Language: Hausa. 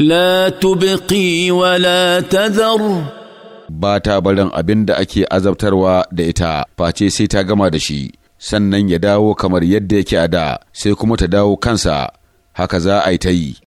لا تبقي ولا ba ta barin abin da ake azabtarwa da ita face sai ta gama da shi sannan ya dawo kamar yadda yake a da sai kuma ta dawo kansa haka za a yi yi